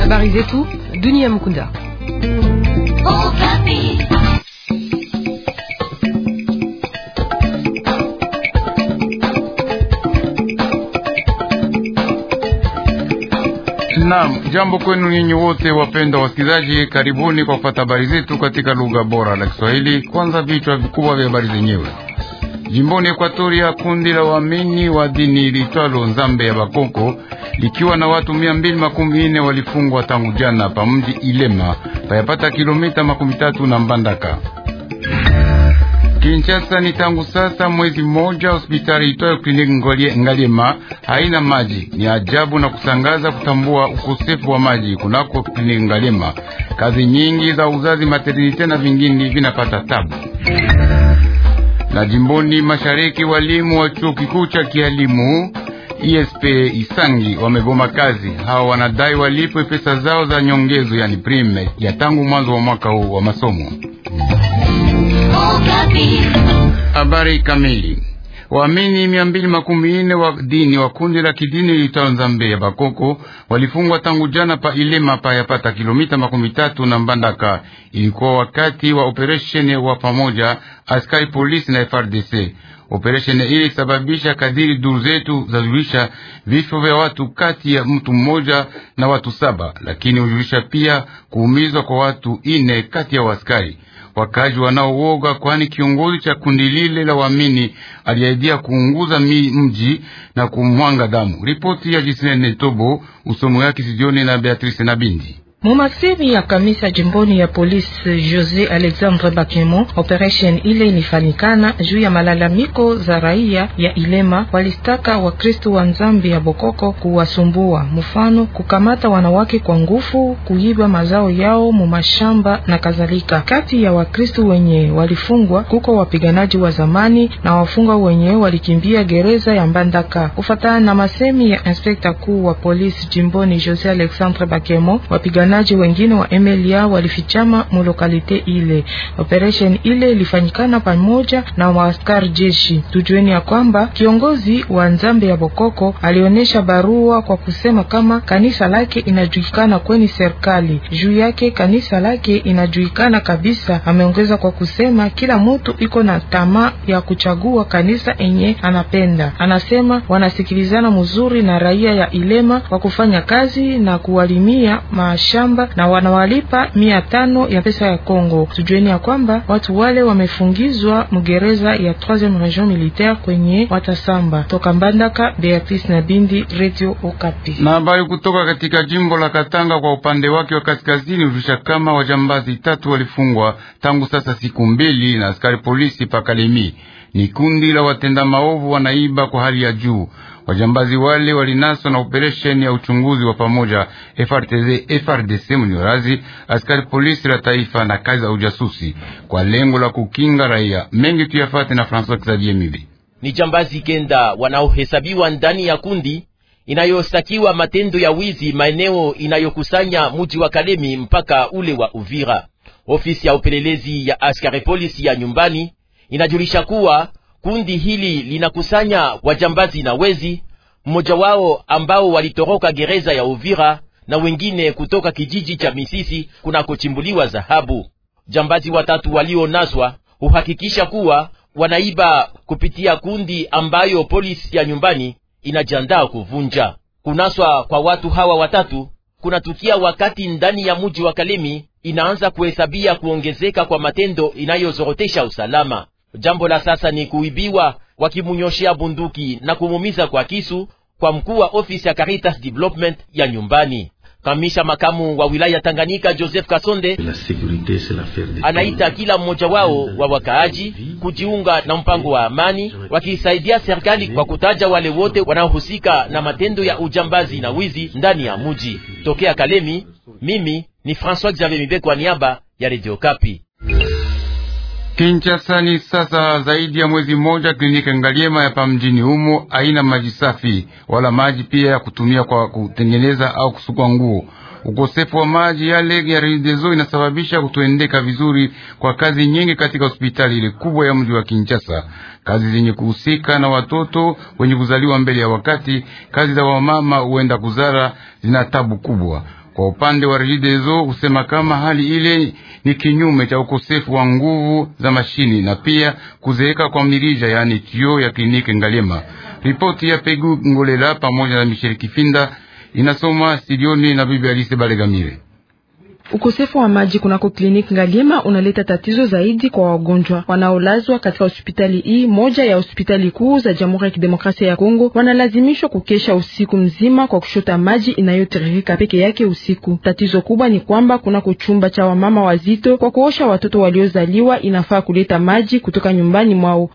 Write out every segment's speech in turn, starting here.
Habari zetu dunia Naam, jambo kwenu nyinyi wote wapenda wasikilizaji, karibuni kwa kufata habari zetu katika lugha bora la Kiswahili. Kwanza vichwa vikubwa vya habari zenyewe. Jimboni Ekwatoria, kundi la waamini wa dini litwalo Nzambe ya Bakoko likiwa na watu mia mbili makumi walifungwa tangu jana pa mji Ilema payapata kilomita makumi tatu na Mbandaka. Kinshasa ni tangu sasa mwezi mmoja hospitali itwayo kliniki Ngaliema haina maji. Ni ajabu na kusangaza kutambua ukosefu wa maji kunako kliniki Ngaliema. Kazi nyingi za uzazi maternite na vingine vinapata tabu. Na jimboni mashariki, walimu wa chuo kikuu cha kialimu ISP Isangi wamegoma kazi. Hao wanadai walipwe pesa zao za nyongezo, yani prime ya tangu mwanzo wa mwaka huu wa masomo. Oh, Habari kamili Waamini mia mbili makumi ine wa dini wa kundi la kidini nzambe ya Bakoko walifungwa tangu jana pa Ilema pa yapata kilomita makumi tatu na Mbandaka. Ilikuwa wakati wa operesheni wa pamoja askari polisi na FRDC. Operesheni ili sababisha kadiri duru zetu zajulisha vifo vya watu kati ya mtu mmoja na watu saba, lakini hujulisha pia kuumizwa kwa watu ine kati ya waskari wakaji wanaooga, kwani kiongozi cha kundi lile la wamini aliaidia kuunguza mji na kumwanga damu. Ripoti ya Jisene Tobo, usomo yake Sidioni na Beatrice Nabindi. Mumasemi ya kamisa jimboni ya polisi Jose Alexandre Bakemo, operation ile ilifanikana juu ya malalamiko za raia ya Ilema. Walistaka Wakristo wa Nzambi ya Bokoko kuwasumbua, mfano kukamata wanawake kwa nguvu, kuiba mazao yao mumashamba na kadhalika. Kati ya Wakristo wenye walifungwa kuko wapiganaji wa zamani na wafungwa wenye walikimbia gereza ya Mbandaka. Kufatana na masemi ya inspekta kuu wa polisi jimboni Jose Alexandre Bakemo, wapiganaji wapiganaji wengine wa MLA walifichama mulokalite ile. Operation ile ilifanyikana pamoja na waaskari jeshi. Tujueni ya kwamba kiongozi wa Nzambe ya Bokoko alionyesha barua kwa kusema kama kanisa lake inajulikana kweni serikali juu yake, kanisa lake inajulikana kabisa. Ameongeza kwa kusema kila mtu iko na tamaa ya kuchagua kanisa enye anapenda. Anasema wanasikilizana mzuri na raia ya Ilema kwa kufanya kazi na kuwalimia maisha mashamba na wanawalipa mia tano ya pesa ya Kongo. Tujueni ya kwamba watu wale wamefungizwa mgereza ya 3e region militaire kwenye watasamba. Toka Mbandaka, Beatrice na Bindi, Radio Okapi. Na habari kutoka katika jimbo la Katanga kwa upande wake wa kaskazini ulisha kama wajambazi tatu walifungwa tangu sasa siku mbili na askari polisi pakalemi. Ni kundi la watenda maovu wanaiba kwa hali ya juu Wajambazi wale walinaswa na operesheni ya uchunguzi wa pamoja FRTZ, FRDC, mnyorazi, askari polisi la taifa na kazi za ujasusi kwa lengo la kukinga raia. Mengi tuyafate na Francois Xavier Mibi. Ni jambazi kenda wanaohesabiwa ndani ya kundi inayostakiwa matendo ya wizi maeneo inayokusanya muji wa Kalemi mpaka ule wa Uvira. Ofisi ya upelelezi ya askari polisi ya nyumbani inajulisha kuwa Kundi hili linakusanya wajambazi na wezi, mmoja wao ambao walitoroka gereza ya Uvira na wengine kutoka kijiji cha Misisi kunakochimbuliwa dhahabu. Jambazi watatu walionaswa huhakikisha kuwa wanaiba kupitia kundi ambayo polisi ya nyumbani inajiandaa kuvunja. Kunaswa kwa watu hawa watatu kunatukia wakati ndani ya muji wa Kalemi inaanza kuhesabia kuongezeka kwa matendo inayozorotesha usalama. Jambo la sasa ni kuibiwa, wakimunyoshea bunduki na kumumiza kwa kisu kwa mkuu wa ofisi ya Caritas Development ya nyumbani. Kamisha makamu wa wilaya Tanganyika Joseph Kasonde anaita kila mmoja wao wa wakaaji kujiunga na mpango wa amani, wakisaidia serikali kwa kutaja wale wote wanaohusika na matendo ya ujambazi na wizi ndani ya muji. Tokea Kalemi, mimi ni François Xavier Mibe kwa niaba ya Radio Kapi kinchasa ni sasa zaidi ya mwezi mmoja kliniki Ngaliema ya pamjini humo haina maji safi wala maji pia ya kutumia kwa kutengeneza au kusukwa nguo. Ukosefu wa maji yale ya Redezo inasababisha kutoendeka vizuri kwa kazi nyingi katika hospitali ile kubwa ya mji wa kinchasa kazi zenye kuhusika na watoto wenye kuzaliwa mbele ya wakati, kazi za wamama huenda kuzara zina tabu kubwa. Kwa upande wa Regideso husema kama hali ile ni kinyume cha ukosefu wa nguvu za mashini na pia kuzeeka kwa mirija, yaani tio ya kliniki Ngalema. Ripoti ya Pegu Ngolela pamoja na Michel Kifinda inasoma Silioni na bibi Alise Balegamire. Ukosefu wa maji kunako kliniki Ngaliema unaleta tatizo zaidi kwa wagonjwa wanaolazwa katika hospitali hii moja ya hospitali kuu za Jamhuri ya Kidemokrasia ya Kongo. Wanalazimishwa kukesha usiku mzima kwa kushota maji inayotiririka peke yake usiku. Tatizo kubwa ni kwamba kunako chumba cha wamama wazito kwa kuosha watoto waliozaliwa inafaa kuleta maji kutoka nyumbani mwao.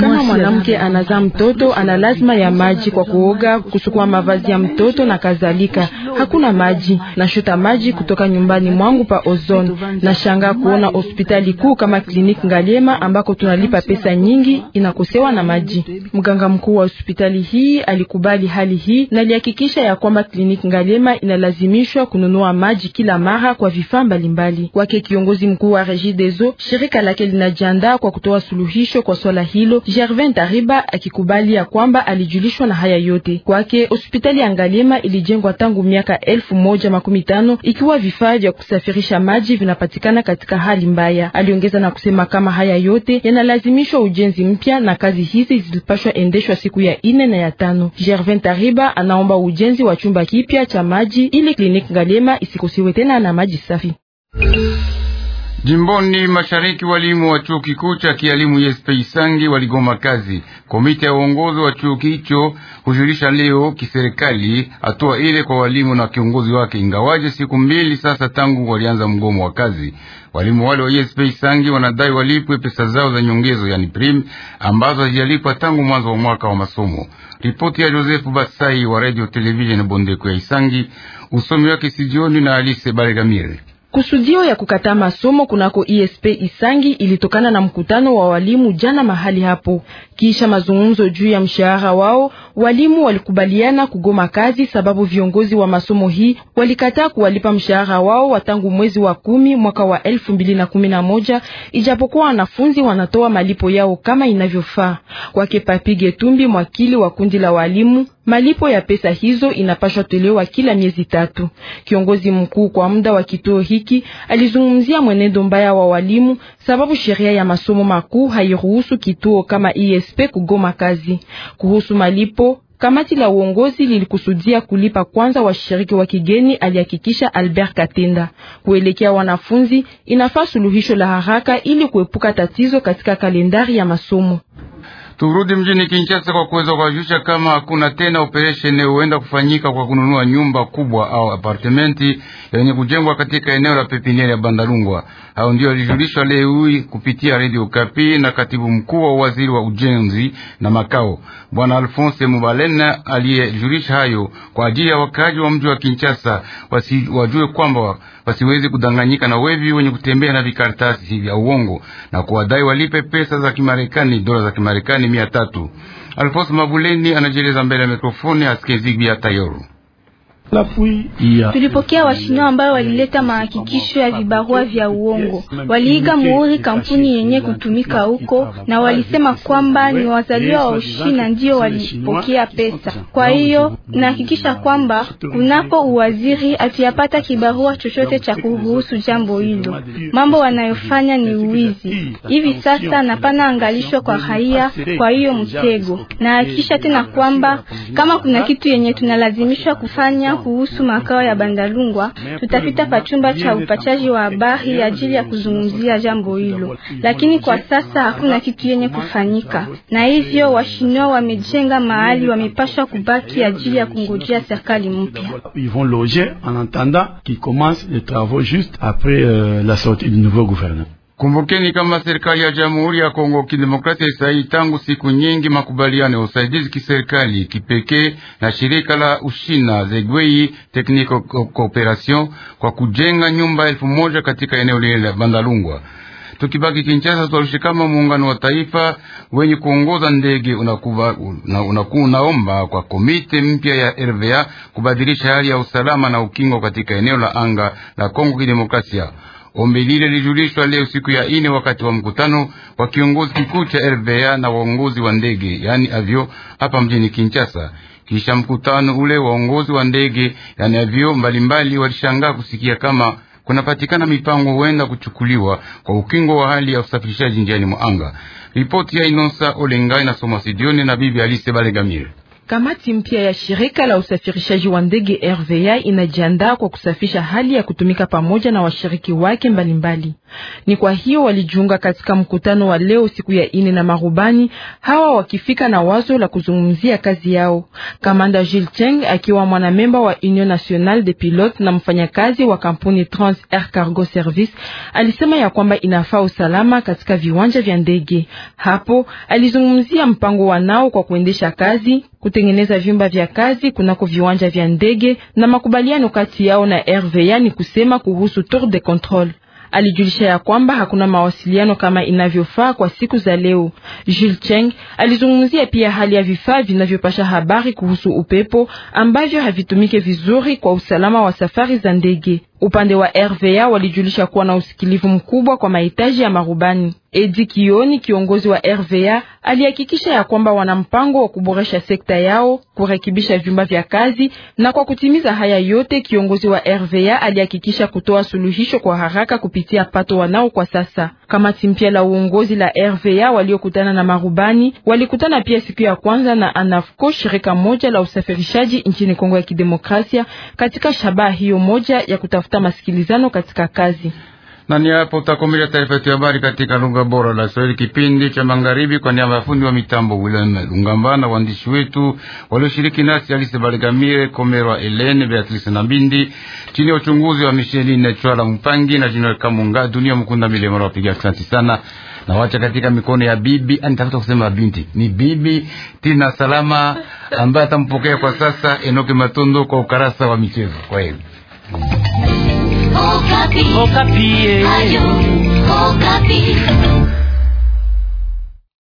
Kama mwanamke anazaa mtoto, ana lazima ya maji kwa kuoga, kusukua mavazi ya mtoto na kadhalika hakuna maji. Nashota maji kutoka nyumbani mwangu pa Ozone. Nashangaa kuona hospitali kuu kama Klinik Ngaliema ambako tunalipa pesa nyingi inakosewa na maji. Mganga mkuu wa hospitali hii alikubali hali hii na alihakikisha ya kwamba Klinik Ngaliema inalazimishwa kununua maji kila mara kwa vifaa mbalimbali. Kwake kiongozi mkuu wa Regideso, shirika lake linajiandaa kwa kutoa suluhisho kwa swala hilo. Gervin Tariba akikubali ya kwamba alijulishwa na haya yote. Kwake hospitali ya Ngaliema ilijengwa tangu miaka miaka elfu moja makumi tano ikiwa vifaa vya kusafirisha maji vinapatikana katika hali mbaya. Aliongeza na kusema kama haya yote yanalazimishwa ujenzi mpya na kazi hizi zilipashwa endeshwa siku ya ine na ya tano. Gervin Tariba anaomba ujenzi wa chumba kipya cha maji ili kliniki Ngalema isikosiwe tena na maji safi. Jimboni mashariki walimu wa chuo kikuu cha kielimu Yespeisangi waligoma kazi. Komiti ya uongozi wa chuo hicho hujulisha leo kiserikali hatua ile kwa walimu na kiongozi wake, ingawaje siku mbili sasa tangu walianza mgomo wa kazi. Walimu wale wa Yespeisangi wanadai walipwe pesa zao za nyongezo, yani prim, ambazo hazijalipwa tangu mwanzo wa mwaka wa masomo. Ripoti ya Josefu Basai wa Radio Televisheni Bondeko ya Isangi, usomi wake sijioni na Alise Baregamire. Kusudio ya kukataa masomo kunako ISP e Isangi ilitokana na mkutano wa walimu jana mahali hapo. Kisha mazungumzo juu ya mshahara wao, walimu walikubaliana kugoma kazi sababu viongozi wa masomo hii walikataa kuwalipa mshahara wao tangu mwezi wa kumi mwaka wa elfu mbili na kumi na moja ijapokuwa wanafunzi wanatoa malipo yao kama inavyofaa. Kwake Papige Tumbi, mwakili wa kundi la walimu Malipo ya pesa hizo inapashwa tolewa kila miezi tatu. Kiongozi mkuu kwa muda wa kituo hiki alizungumzia mwenendo mbaya wa walimu, sababu sheria ya masomo makuu hairuhusu kituo kama ISP kugoma kazi. Kuhusu malipo Kamati la uongozi lilikusudia kulipa kwanza washiriki wa kigeni, alihakikisha Albert Katenda. Kuelekea wanafunzi, inafaa suluhisho la haraka ili kuepuka tatizo katika kalendari ya masomo. Turudi mjini Kinshasa kwa kuweza kuwajulisha kama hakuna tena operesheni huenda kufanyika kwa kununua nyumba kubwa au apartementi yenye kujengwa katika eneo la pepiniere ya Bandalungwa. Hao ndio walijulishwa leo hii kupitia Radio Kapi na katibu mkuu wa waziri wa ujenzi na makao Bwana Alphonse Mubalena aliyejulisha hayo kwa ajili ya wakaaji wa mji wa Kinshasa wasi, wajue kwamba wasiweze kudanganyika na wevi wenye kutembea na vikaratasi vya uongo na kuwadai walipe pesa za Kimarekani, dola za Kimarekani mia tatu. Alfonso mavuleni anajieleza mbele ya mikrofoni asikizigwi tayoro Tulipokea washindwa ambayo walileta mahakikisho ya vibarua vya uongo, waliiga muhuri kampuni yenye kutumika huko, na walisema kwamba ni wazaliwa wa ushi na ndio walipokea pesa. Kwa hiyo nahakikisha kwamba kunapo uwaziri atiyapata kibarua chochote cha kuruhusu jambo hilo. Mambo wanayofanya ni uwizi. Hivi sasa napana angalishwa kwa raia, kwa hiyo mtego. Nahakikisha tena kwamba kama kuna kitu yenye tunalazimishwa kufanya kuhusu makao ya Bandalungwa, tutapita pa chumba cha upachaji wa habari ajili ya kuzungumzia jambo hilo, lakini kwa sasa hakuna kitu yenye kufanyika, na hivyo washinoa wamejenga mahali wamepashwa kubaki ajili ya kungojea serikali mpya. Kumbukeni kama serikali ya Jamhuri ya Kongo Kidemokrasia isaii tangu siku nyingi makubaliano ya usaidizi kiserikali kipekee na shirika la Ushina Zegwei Technical Cooperation kwa kujenga nyumba elfu moja katika eneo lile la Bandalungwa. Tukibaki Kinshasa, tuarushe kama muungano wa taifa wenye kuongoza ndege unakuwa una, unaomba kwa komite mpya ya RVA kubadilisha hali ya usalama na ukingo katika eneo la anga la Kongo Kidemokrasia. Ombi lile lilijulishwa leo siku ya ine wakati wa mkutano wa kiongozi kikuu cha RBA na waongozi wa ndege yani avyo hapa mjini Kinshasa. Kisha mkutano ule, waongozi wa ndege yani avyo mbalimbali walishangaa kusikia kama kunapatikana mipango huenda kuchukuliwa kwa ukingo wa hali ya usafirishaji njiani mwa anga. Ripoti ya Inonsa Olengai na Somasidioni na bibi Alise Balegamire. Kamati mpya ya shirika la usafirishaji wa ndege RVA inajiandaa kwa kusafisha hali ya kutumika pamoja na washiriki wake mbalimbali. Ni kwa hiyo walijiunga katika mkutano wa leo siku ya ine na marubani hawa wakifika na wazo la kuzungumzia kazi yao. Kamanda Jil Cheng akiwa mwanamemba wa Union Nationale de pilote na mfanyakazi wa kampuni Trans Air Cargo Service alisema ya kwamba inafaa usalama katika viwanja vya ndege. Hapo alizungumzia mpango wanao kwa kuendesha kazi, kutengeneza vyumba vya kazi kunako viwanja vya ndege na makubaliano kati yao na RVA ni kusema kuhusu tour de contrôle alijulisha ya kwamba hakuna mawasiliano kama inavyofaa kwa siku za leo. Jules Cheng alizungumzia pia hali ya vifaa vinavyopasha habari kuhusu upepo ambavyo havitumike vizuri kwa usalama wa safari za ndege. Upande wa RVA walijulisha kuwa na usikilivu mkubwa kwa mahitaji ya marubani. Edi Kioni, kiongozi wa RVA, alihakikisha ya kwamba wana mpango wa kuboresha sekta yao, kurekebisha vyumba vya kazi. Na kwa kutimiza haya yote, kiongozi wa RVA alihakikisha kutoa suluhisho kwa haraka kupitia pato wanao kwa sasa. Kamati mpya la uongozi la RVA waliokutana na marubani walikutana pia siku ya kwanza na ANAFCO, shirika moja la usafirishaji nchini Kongo ya Kidemokrasia, katika shabaha hiyo moja ya kutafuta kutafuta masikilizano katika kazi na ni hapo utakomeja taarifa yetu ya habari katika lugha bora la Kiswahili, kipindi cha magharibi, kwa niaba ya fundi wa mitambo William Lungamba na waandishi wetu walioshiriki nasi, Alice Baligamire, Komerwa Elene, Beatrice Nambindi, chini ya uchunguzi wa Micheline Chwala Mpangi na Jinal Kamunga, Dunia Mkunda Milemara, Wapiga asante sana na wacha katika mikono ya bibi, anitafuta kusema binti, ni bibi Tina Salama ambaye atampokea kwa sasa Enoke Matondo kwa ukarasa wa michezo. Kwa hiyo Okapi. Okapi. Eh.